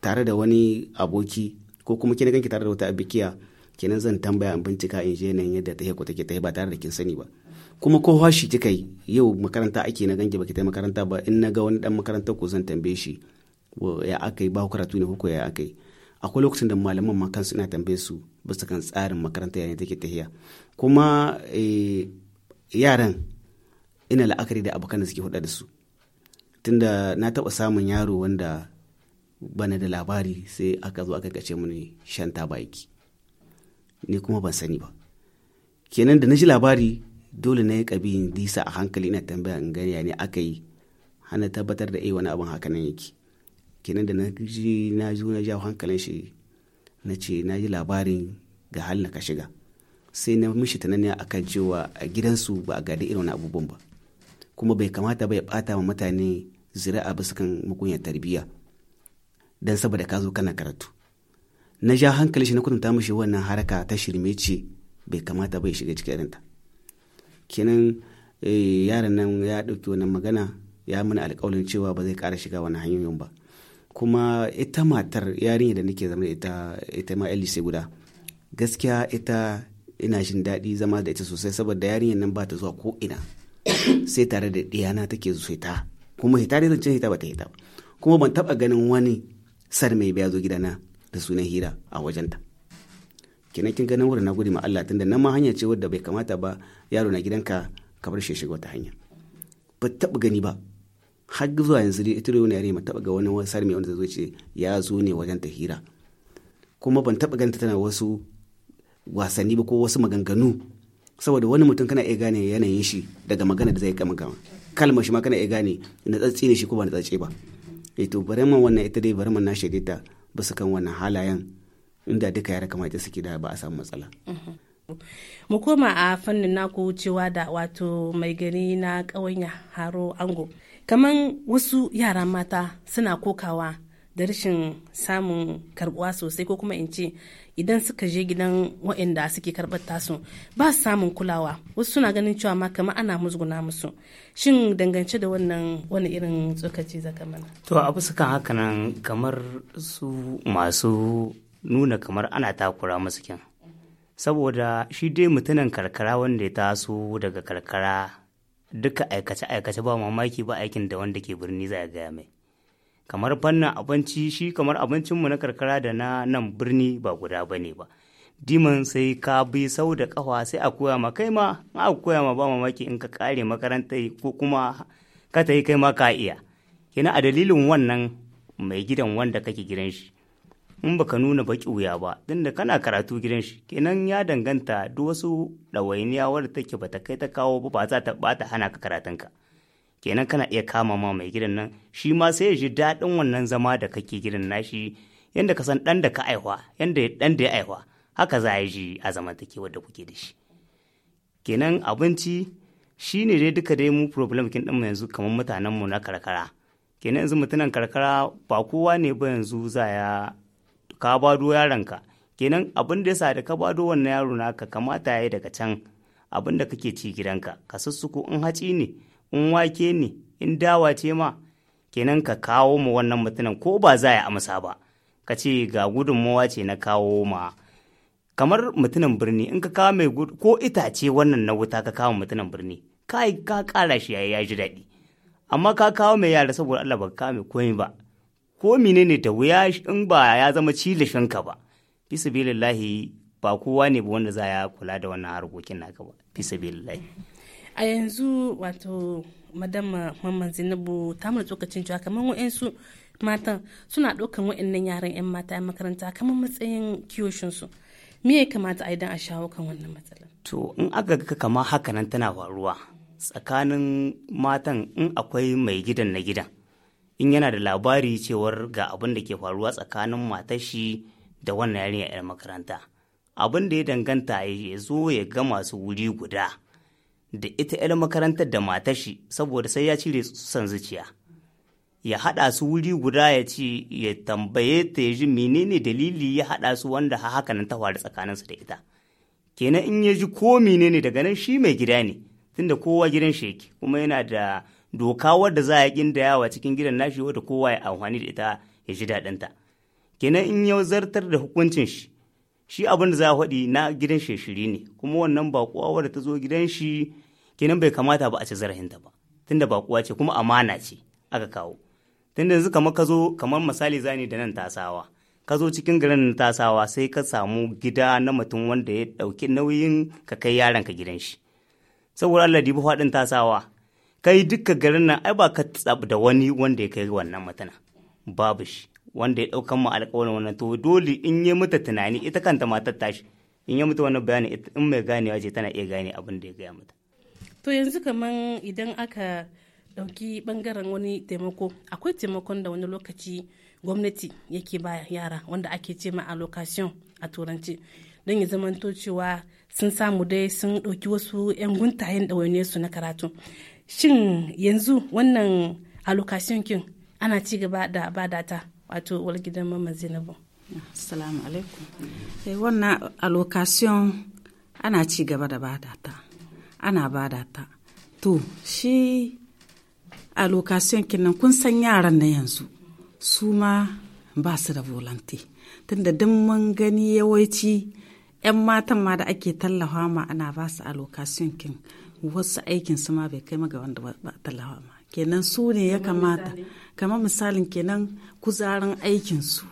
[SPEAKER 4] tare da wani aboki ko kuma kina ganki tare da wata abikiya kenan zan tambaya in bincika in je nan yadda ta ko take ta ba tare da kin sani ba kuma ko hashi kika yi yau makaranta ake na ganke baki ta makaranta ba in na wani dan makaranta ko zan tambaye shi ya aka yi ba karatu ne ko ya aka akwai lokacin da malaman ma kansu ina tambaye su bisa kan tsarin makaranta yayin take tahiya kuma eh, yaran ina la'akari da abokan da suke hudu da su tunda na taba samun yaro wanda bana da labari sai aka zo aka kace mini shan tabayaki ni kuma ban sani ba kenan da na ji labari dole na yi bi disa a hankali ina tambaya in gani ne aka yi hana tabbatar da eh wani abin haka nan yake kenan da na ji na zo na jawo hankalin shi na ce na ji labarin ga halin ka shiga sai na mishi tunani akan cewa a gidansu ba a gada irin abubuwan ba kuma bai kamata ba ya bata ma mutane zira'a su kan mukunyar tarbiyya dan saboda ka zo kana karatu na ja hankali shi na kwatanta mishi wannan haraka ta shirme ce bai kamata ba ya shiga cikin irinta kenan eh, yaran nan ya ɗauki wannan magana ya mana alƙawalin cewa ba zai ƙara shiga wani hanyoyin ba kuma ita matar yarinya da nake zama ita ita ma sai guda gaskiya ita ina jin daɗi zama da ita sosai saboda yarinyar nan ba ta zuwa ko ina sai tare da ɗiyana take zuwa ta kuma hita dai zance hita ba ta hita kuma ban taɓa ganin wani sar mai biya zo gidana da sunan hira a wajenta kenan kin ganin wurin na gode ma Allah tunda nan ma hanya ce wadda bai kamata ba yaro na gidanka ka bar shi shiga wata hanya ba taɓa gani ba har zuwa yanzu dai ita wani yare ma taɓa ga wani wasar mai wanda zai ce ya zo ne wajen ta hira kuma ban taɓa ganta tana wasu wasanni ba ko wasu maganganu saboda wani mutum kana iya gane yanayin shi daga magana da zai kama gama kalma shi ma kana iya gane na tsatsi ne shi ko ba na tsatsi ba e to bari man wannan ita dai bari man na ba bisa kan wannan halayen inda duka yara kamata suke da ba a samu matsala mhm.
[SPEAKER 1] mu koma a fannin naku cewa da wato mai gani na ƙawanya haro ango kaman wasu yara mata suna kokawa da rashin samun karbuwa sosai ko kuma in ce idan suka je gidan waɗanda suke karɓar tasu ba su samun kulawa wasu suna ganin cewa ma kama ana musguna musu shin dangance da wannan wani irin tsokaci zaka mana
[SPEAKER 2] to a bisa kan haka nan kamar su masu nuna kamar ana takura musu kyan saboda shi dai mutumin karkara wanda ya taso daga karkara duka aikace-aikace ba mamaki ba aikin da wanda ke birni za a gaya mai kamar fannin abinci shi kamar abincinmu na karkara da na nan birni ba guda ba ne ba diman sai ka bi sau da kafa sai a koya ma kai ma a koya ma ba mamaki in ka kare makaranta ko kuma ka ta yi kai ma ka iya kina a dalilin wannan mai gidan wanda kake gidan shi in baka nuna baki wuya ba tunda kana karatu gidan shi kenan ya danganta duk wasu ɗawainiya wadda take bata kai ta kawo ba za ta bata hana ka karatunka kenan kana iya kama ma mai gidan nan shi ma sai ya ji daɗin wannan zama da kake gidan nashi yanda ka san ɗan da ka aihwa yanda ɗan da ya aihwa haka za ya ji a zamantakewar da kuke da shi kenan abinci shi ne dai duka dai mu problem kin mu yanzu kamar mutanenmu na karkara kenan yanzu mutanen karkara ba kowa ne ba yanzu za ya ka bado yaronka kenan abin da yasa da ka bado wannan yaro naka kamata yayi daga can abin da kake ci gidanka ka sussuku in haci ne in wake ne in dawa ce ma kenan ka kawo ma wannan mutunan ko ba za ya amsa ba ka ce ga gudunmawa ce na kawo ma kamar mutunan birni in ka kawo mai gudu? ko itace wannan na wuta ka kawo mutunan birni kai ka kara shi yayi ya ji daɗi amma ka kawo mai yara saboda Allah ba kawo mai komai ba ko menene ta wuya in ba ya zama cilishinka ba bisa sabilillahi ba kowa ne ba wanda za ya kula da wannan harkokin naka ba bisa
[SPEAKER 1] a yanzu wato madama mamman zinubu ta mai tsokacin cewa kamar wa'ansu matan suna ɗaukan wa'annan yaran 'yan mata a makaranta kamar matsayin kiyoshinsu me ya kamata a yi a shawo kan wannan matsalar
[SPEAKER 2] to in aka ga kama haka nan tana faruwa tsakanin matan in akwai mai gidan na gidan in yana da labari cewar ga abin da ke faruwa tsakanin matashi da wannan yarinya 'yar makaranta abin da ya danganta ya zo ya ga masu wuri guda da ita 'yar makarantar da matashi saboda sai ya cire son zuciya ya haɗa su wuri guda ya ce ya tambaye ta ya ji menene dalili ya haɗa su wanda haka nan ta faru tsakaninsu da ita kenan in ya ji ko menene daga nan shi mai gida ne tunda kowa gidan shi kuma yana da doka wadda za a yi da cikin gidan nashi wadda kowa ya amfani da ita ya ji daɗinta kenan in yau zartar da hukuncin shi shi abin da za a faɗi na gidan shi ne kuma wannan bakuwa wadda ta zo gidan shi kenan bai kamata ba a ci zarahinta ba tunda bakuwa ce kuma amana ce aka kawo tunda yanzu kamar ka zo kamar misali za zani da nan tasawa ka zo cikin garin na tasawa sai ka samu gida na mutum wanda ya ɗauki nauyin ka kai yaron ka gidan shi saboda Allah dibi faɗin tasawa kai duka garin nan ai ba ka tsab da wani wanda ya kai wannan matana babu shi wanda ya ɗaukan ma alƙawarin wannan to dole in yi mata tunani ita kanta matar tashi in yi mata wannan bayani in mai ganewa ce tana iya gane abin da ya gaya mata.
[SPEAKER 1] to yanzu kaman idan aka ɗauki bangaren wani taimako akwai taimakon da wani lokaci gwamnati yake ba yara wanda ake ce ma allocation a turanci don ya zamanto cewa sun samu dai sun ɗauki wasu 'yan guntayen ɗawainiyar na karatu shin yanzu wannan alokashin kin ana ci gaba da badata wato walgidan mama zinabu assalamu alaikum
[SPEAKER 3] eh, wannan alokashin ana ci gaba da badata ana badata to shi kin kinan kun san yaran na yanzu su ma ba su da volante tunda duk mun gani yawaici 'yan matan ma da ake tallafa ma ana ba su alokashin kin wasu aikin su ma bai kai maga wanda ba talawa ma kenan su ne ya kamata kamar misalin kenan kuzarin aikin su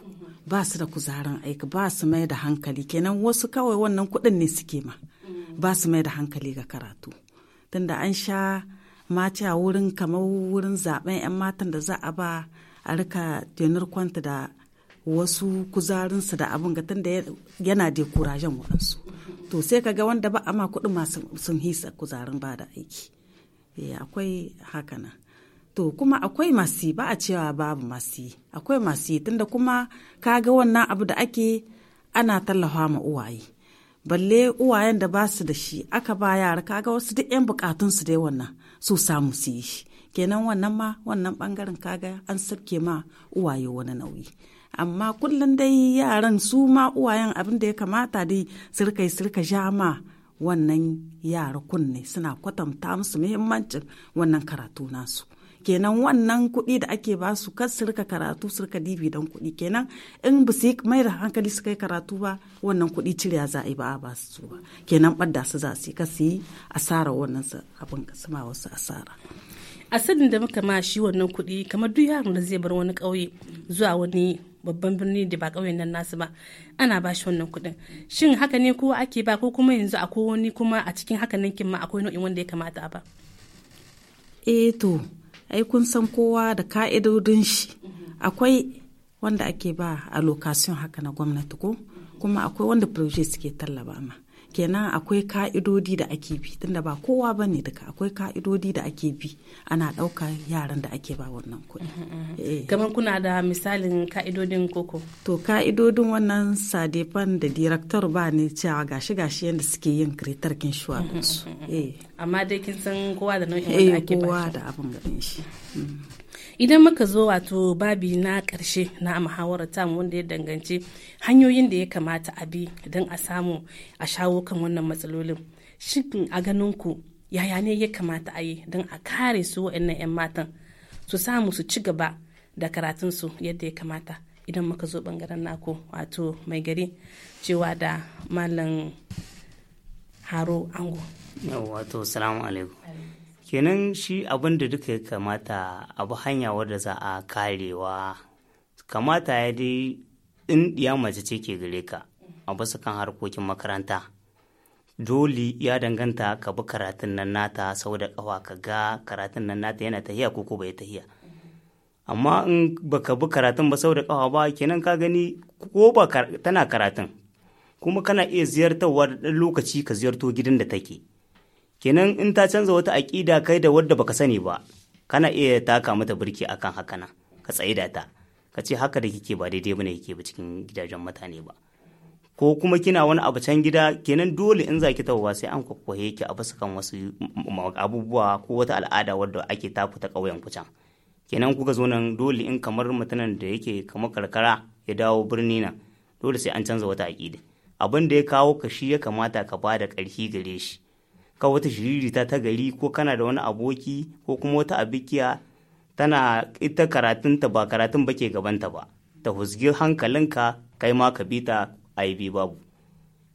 [SPEAKER 3] ba su da kuzarin aiki ba su mai da hankali kenan wasu kawai wannan kuɗin ne suke ma ba su mai da hankali ga karatu tunda an sha mace a wurin kamar wurin zaben 'yan matan da za a ba a rika tenor kwanta da wasu kuzarinsu da abin ga tunda yana dekurajen waɗansu to sai ka ga wanda ba a ma kuɗin masu sun hisa kuzarin ba da aiki eh, akwai haka nan to kuma akwai masi ba a cewa babu masi akwai masu tunda kuma ka ga wannan abu da ake ana tallafa ma uwaye balle uwayen da ba su da shi aka ba yara kaga wasu duk yan bukatun su dai wannan su samu su yi shi kenan wannan ma wannan bangaren kaga an sabke ma uwaye wani nauyi amma kullum dai yaran su ma uwayen abin da ya kamata dai su sirka jam'a wannan yara kunne suna kwatanta musu muhimmancin wannan karatu nasu kenan wannan kuɗi da ake ba su kar sirka karatu sirka dibi don kuɗi kenan in ba su mai da hankali su kai karatu ba wannan kuɗi cirya za a yi ba a ba su ba kenan ɓadda
[SPEAKER 1] su za su yi asara wannan abin sama wasu asara asalin da muka ma shi wannan kuɗi kamar duk yaron da zai bar wani ƙauye zuwa wani babban birni da ba ƙauyen nan nasu ba ana ba shi wannan kuɗin shin haka ne kowa ake ba ko kuma yanzu akwai wani kuma a cikin haka nan ma akwai nau'in wanda ya kamata ba eh to
[SPEAKER 3] ai kun san kowa da ka'idodin shi mhm. akwai wanda ake ba a lokacin haka na gwamnati ko mhm. kuma akwai wanda proje suke tallaba ma kenan akwai ka'idodi da ake bi tunda ba kowa ba ne duka akwai ka'idodi da ake bi ana ɗauka yaran da ake ba wannan kuɗi. Eh.
[SPEAKER 1] kamar kuna da misalin ka'idodin koko to
[SPEAKER 3] ka'idodin wannan sadefan da direktor ba ne cewa gashi gashi yadda suke yin kritar kin shuwa su
[SPEAKER 1] eh. amma dai kin san kowa da nau'in wanda eh, ake ba kowa da abin shi mm. idan muka zo wato babi na karshe na muhawarar mu wanda ya danganci hanyoyin da ya kamata a bi don a samu a shawo kan wannan matsalolin shin a ganin ku yaya ne ya kamata a yi don a kare su waɗannan 'yan matan su samu su ci gaba da karatun su yadda ya kamata idan muka zo bangaren naku wato mai gari cewa da malam haro ango
[SPEAKER 2] wato salamu alaikum kenan shi abin da duka ya kamata abu hanya wadda za a karewa kamata ya dai in ya mace ce ke gare ka a basu kan harkokin makaranta dole ya danganta ka bi karatun nan nata sau da kawa ka ga karatun nan nata yana tahiya ko ko bai tahiya amma in baka bi karatun ba sau da kawa ba kenan ka gani ko ba tana karatun kuma kana iya ziyartarwa da lokaci ka ziyarto gidan da take kenan in ta canza wata aƙida kai da wadda baka sani ba kana iya taka mata birki akan haka nan ka tsaye da ta ka ce haka da kike ba daidai bane kike ba cikin gidajen mutane ba ko kuma kina wani abu can gida kenan dole in zaki tawowa sai an kwakwaye ki a basu kan wasu abubuwa ko wata al'ada wadda ake tafi ta ƙauyen ku can kenan kuka zo nan dole in kamar mutanen da yake kama karkara ya dawo birni nan dole sai an canza wata aƙida abin da ya kawo ka shi ya kamata ka ba da ƙarfi gare shi ka wata shiririta ta gari ko kana da wani aboki ko kuma wata abikiya tana ita karatunta ba karatun ba ke gabanta ba ta husgi hankalinka kai ma ka bita a yi babu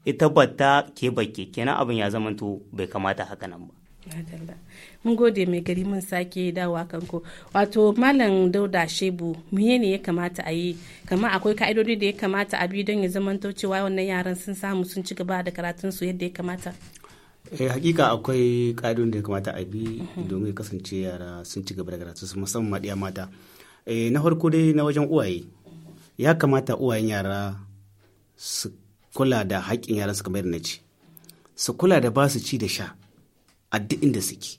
[SPEAKER 2] ita batta ke bakke kenan abin ya zamanto bai kamata haka nan ba
[SPEAKER 1] mun gode mai gari mun sake dawowa kanko wato malam dauda shebu miye ne ya kamata a yi kamar akwai ka'idodi da ya kamata a bi don ya zamanto cewa wannan yaran sun samu sun ci gaba da karatunsu yadda ya kamata
[SPEAKER 4] eh hakika akwai ƙa'idun da ya kamata a bi domin kasance yara sun ci gaba da karatu musamman ma ɗiya mata eh na farko dai na wajen uwaye ya kamata uwayen yara su kula da haƙƙin yaran su kamar na ci su kula da ba su ci da sha a duk inda suke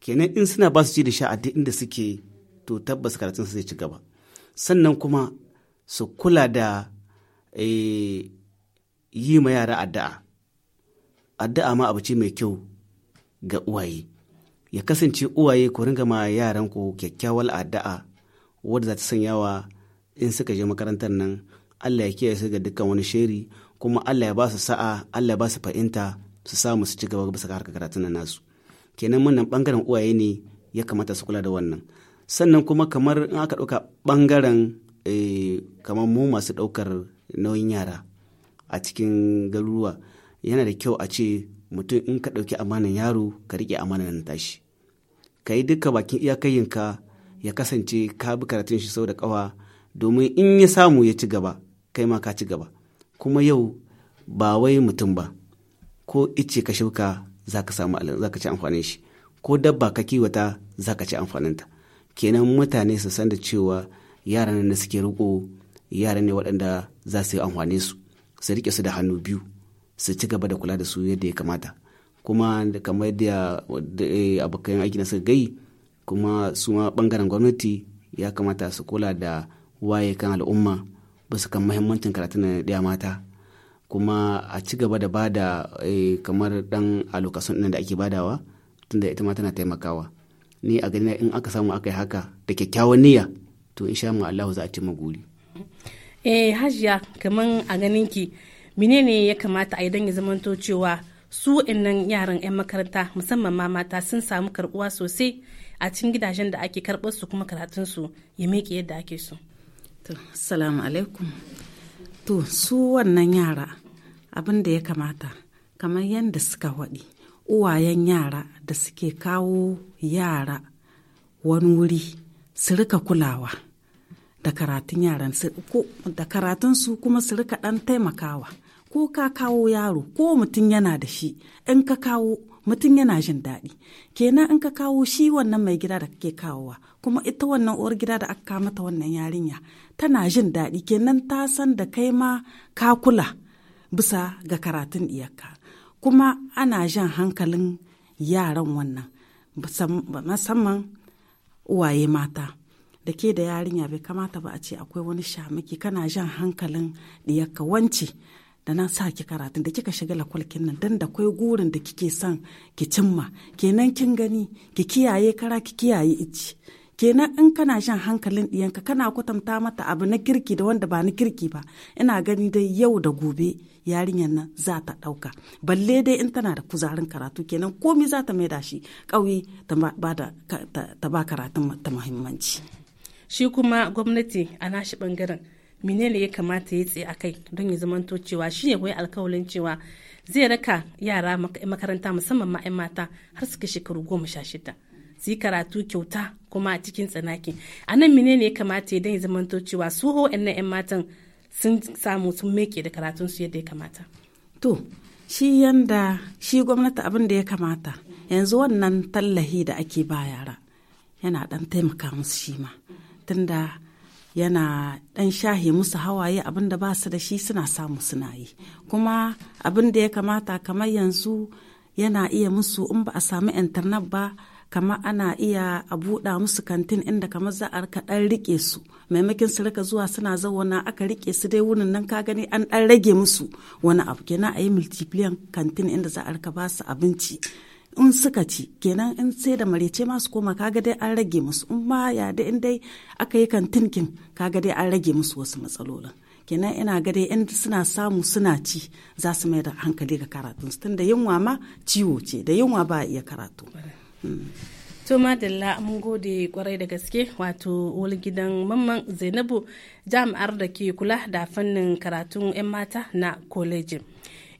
[SPEAKER 4] kenan in suna ba su ci da sha a duk inda suke to tabbas karatun su zai ci gaba sannan kuma su kula da eh, yi ma yara addu'a addu'a ma abu ce mai kyau ga uwaye ya kasance uwaye ku ringa ma yaran ku kyakkyawar addu'a wadda za ta sanya wa in suka je makarantar nan Allah ya kiyaye su ga dukkan wani sheri kuma Allah ya ba su sa'a Allah ya ba su fahimta su samu su ci gaba bisa harkar karatun nasu kenan wannan bangaren uwaye ne ya kamata su kula da wannan sannan kuma kamar in aka ɗauka bangaren eh, kamar mu masu ɗaukar nauyin yara a cikin garuruwa yana da kyau a ce mutum in ka ɗauki amanan yaro ka riƙe amanan tashi ka yi duka bakin iyakayinka ya kasance ka bi karatun shi sau da ƙawa domin in ya samu ya ci gaba kai ma ka ci gaba kuma yau ba wai mutum ba ko ice ka shuka za ka samu za ka ci amfanin shi ko dabba ka kiwata za ka ci amfaninta kenan mutane su san da cewa yaran da suke riko yaran ne waɗanda za su yi amfani su su riƙe su da hannu biyu su ci gaba da kula da su yadda ya kamata kuma kamar yadda eh, abokan aiki na suka gai kuma su ma bangaren gwamnati ya kamata su kula da waye kan al'umma su kan mahimmancin karatun na ɗaya mata kuma a ci gaba da ba da eh, kamar dan alokasun ɗin da ake badawa tunda ita ma tana taimakawa ni a gani in aka samu aka yi haka da kyakkyawan niyya to in sha mu Allah za a ci maguri
[SPEAKER 1] eh hajiya kaman a ganin ki menene ya kamata a yi ya zamanto cewa su innan yaran 'yan makaranta musamman ma mata sun samu karbuwa sosai a cikin gidajen da ake karɓar su kuma karatun su ya miƙe yadda ake so. To, assalamu alaikum.
[SPEAKER 3] To, su wannan yara abin da ya kamata, kamar yadda suka waɗi, uwayen yara da suke kawo yara wani wuri su rika kulawa. da karatun yaran su da karatun su kuma su rika ɗan taimakawa ko ka kawo yaro ko mutum yana da shi in ka kawo mutum yana jin daɗi kenan in ka kawo shi wannan mai gida da kake kawowa kuma ita wannan uwar gida da aka mata wannan yarinya tana jin daɗi kenan ta san da kai ma ka kula bisa ga karatun iyaka kuma ana jan hankalin yaran wannan musamman uwaye mata da ke da yarinya bai kamata ba a ce akwai wani shamaki kana jan hankalin diyakka wance da na sa ki karatun da kika shiga lakwalkin nan dan da kwai gurin da kike son ki cimma kenan kin gani ki kiyaye kara ki kiyaye ici kenan in kana shan hankalin diyanka kana kwatanta mata abu na kirki da wanda ba na kirki ba ina gani dai yau da gobe yarinyar nan za ta ɗauka balle dai in tana da kuzarin karatu kenan komi za ta maida shi ƙauye ta ba karatun ta muhimmanci.
[SPEAKER 1] shi kuma gwamnati a nashi bangaren menene ya kamata ya tsaye a kai don ya zamanto cewa shi ne wai alkawalin cewa zai raka yara makaranta musamman ma 'yan mata har suka shekaru goma sha shida su yi karatu kyauta kuma a cikin tsanaki a nan menene ya kamata ya don ya zamanto cewa su ho 'yan matan sun samu sun meke da su yadda ya kamata
[SPEAKER 3] to shi yanda shi gwamnati abin da ya kamata yanzu wannan tallahi da ake ba yara yana ɗan taimaka musu shi ma da yana ɗan shahe musu hawaye abin da ba su da shi suna samu suna yi kuma abin da ya kamata kamar yanzu yana iya musu in ba a samu intanet ba kamar ana iya a buɗa musu kantin inda kamar za a rika ɗan rike su maimakin su rika zuwa suna zauna aka rike su dai wunin nan ka gani an ɗan rage musu wani abu kenan a yi multiplayer kantin inda za a rika ba su abinci in suka ci kenan in sai da marice masu su koma kaga dai an rage musu in ma ya da in dai aka yi kantinkin kaga dai an rage musu wasu matsalolin kenan ina ga dai in suna samu suna ci za su mai da hankali ga karatun tun da yunwa ma ciwo ce da yunwa ba iya karatu mm.
[SPEAKER 1] to madalla mun gode kwarai da gaske wato wani gidan mamman zainabu jami'ar da ke kula da fannin karatun 'yan mata na kolejin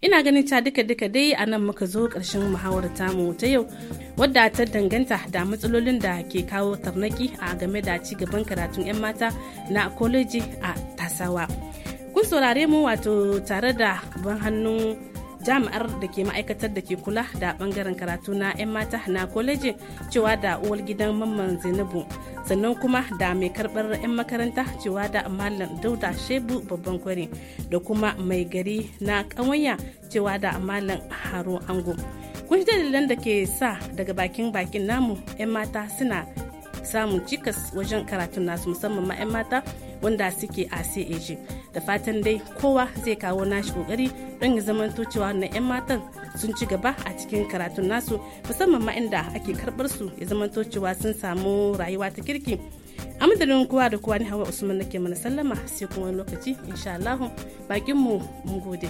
[SPEAKER 1] ina ganin ta duka duka dai a nan muka zo ƙarshen muhawar tamu ta yau wadda ta danganta da matsalolin da ke kawo tarnaki a game da ci gaban karatun 'yan mata na koleji a tasawa kun saurare mu wato tare da ban hannun jami'ar da ke ma'aikatar da ke kula da bangaren karatu na 'yan mata na kolejin cewa da uwar gidan mamman zainabu sannan kuma da mai karbar 'yan makaranta cewa da malam dauda shebu babban kwari da kuma mai gari na kawanya cewa da malam haro ango kun dalilan da ke sa daga bakin bakin namu 'yan mata suna samun cikas wajen karatun nasu musamman ma 'yan mata wanda suke a CAG. Da fatan dai kowa zai kawo nashi kokari don ya zama cewa na 'yan matan sun ci gaba a cikin karatun nasu musamman ma inda ake karɓar su ya zama cewa sun samu rayuwa ta kirki. a madadin kowa da kowa ni hawa usman nake mana sallama sai kuma lokaci insha Allah bakin mu mun gode.